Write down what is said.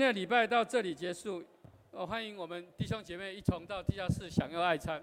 今天的禮拜到這裏結束，哦，歡迎我們弟兄姐妹一同到地下室享用愛餐。